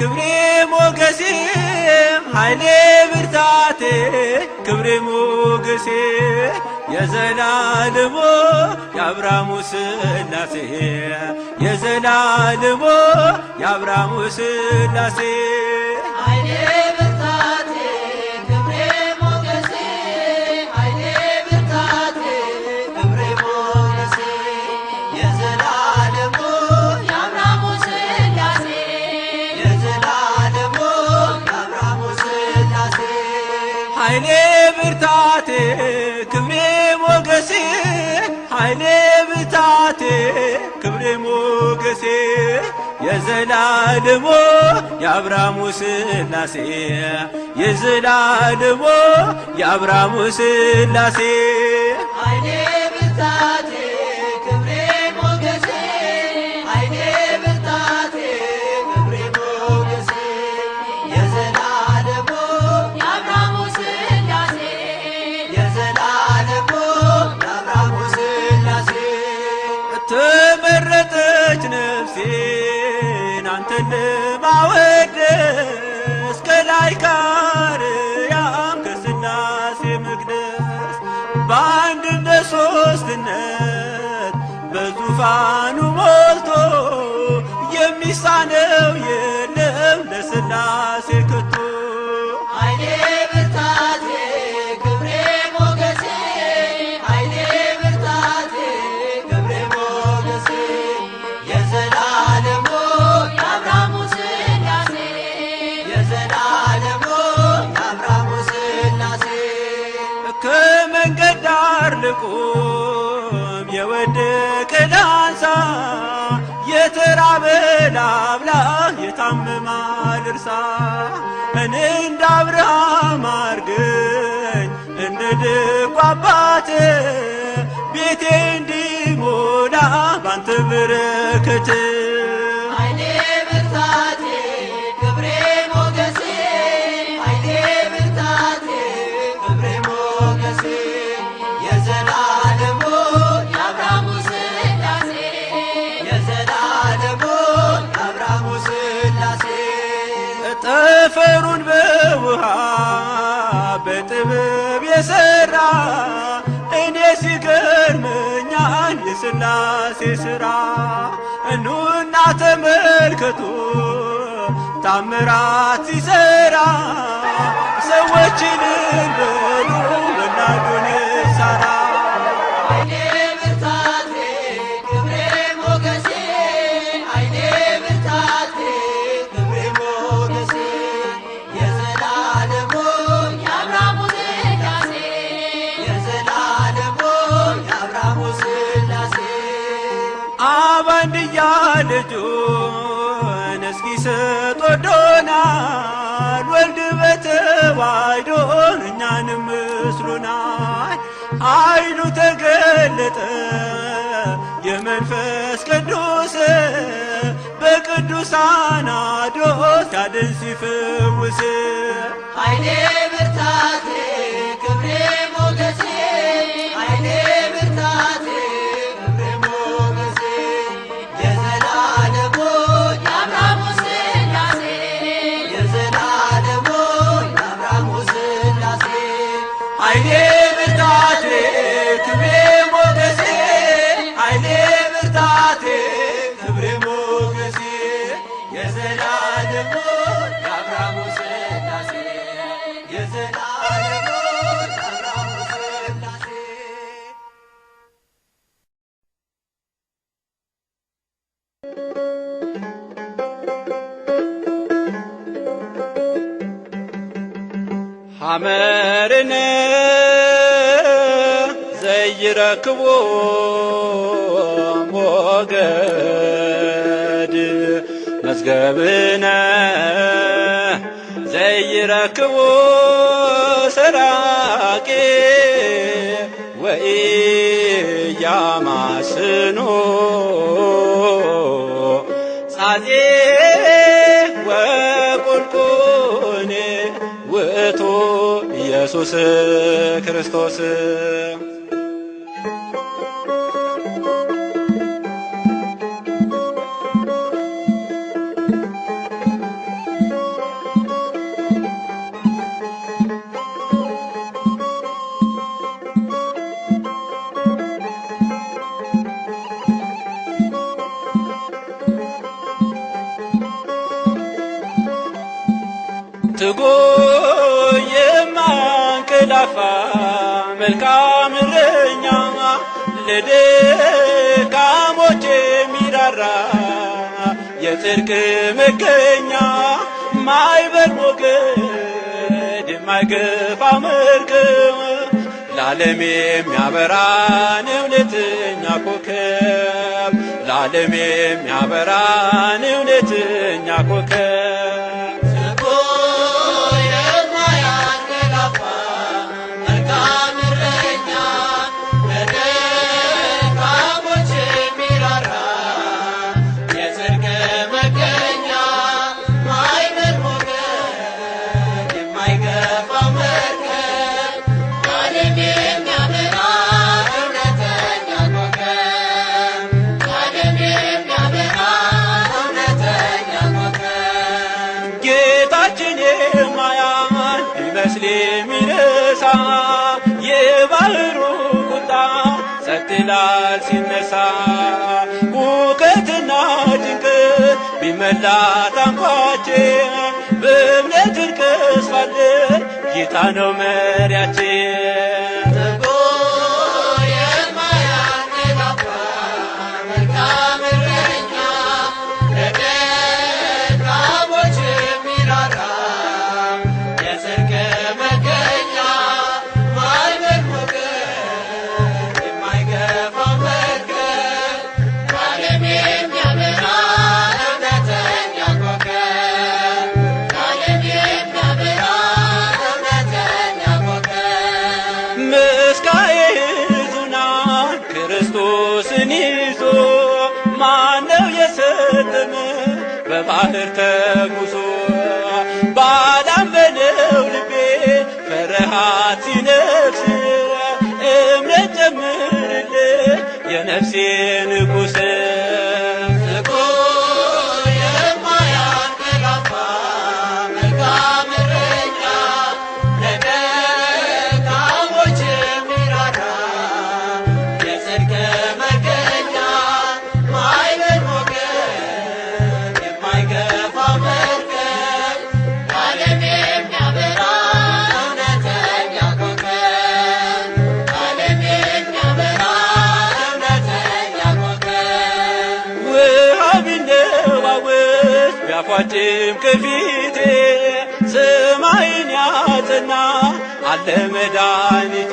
ክብሬ ሞገሴ ኃይሌ ብርታቴ ክብሬ ሞገሴ የዘላለሞ የአብርሃሙ ስላሴ የዘላለሞ የአብርሃሙ ስላሴ ንጉሴ የዘላለሞ የአብርሃሙ ስላሴ የዘላለሞ የአብርሃሙ ስላሴ የወደቀ ላንሳ፣ የተራበ ላብላ፣ የታመመ ልርሳ። እኔ እንደ አብርሃም አርገኝ እንደ ደጉ አባቴ ቤቴ እንዲሞላ ባንተ በረከት ጠፈሩን በውሃ በጥበብ የሰራ እኔ ሲገርመኛል የስላሴ ሥራ። እኑና ተመልከቱ ታምራት ሲሠራ ሰዎችንም ባንድያ ልጁን እስኪሰጥ ወዶናል። ወልድ በተዋሕዶ እኛንም ምስሉናል። ኃይሉ ተገለጠ የመንፈስ ቅዱስ በቅዱሳን አዶ ያድን ሲፈውስ ኃይሌ ብርታቴ ክብሬ ሞገሴ አመርነ ዘይረክቦ ሞገድ መዝገብነ ዘይረክቦ ሰራቂ ወኢያማስኖ ጻዜ ባለቤቱ ኢየሱስ ክርስቶስ to go መልካም እረኛ ለደካሞች የሚራራ የጽድቅ መገኛ ማይበር ሞገድ የማይገፋ መርገም ለዓለም የሚያበራን እውነተኛ ኮከብ ለዓለም የሚያበራን እውነተኛ ኮከብ ስለሚነሳ የባህሩ ቁጣ ጸጥ ይላል ሲነሳ ውቀትና ጭንቅ ቢመላ ታንኳችን በእምነት እንቀስፋለን ጌታ ነው መሪያችን። بحر ፏጭም ከፊቴ ሰማይን ያጸና አለ መድኃኒቴ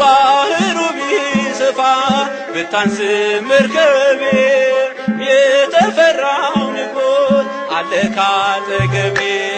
ባህሩ ቢሰፋ ብታንስም መርከቤ የተፈራው ንጉሥ አለ ካጠገቤ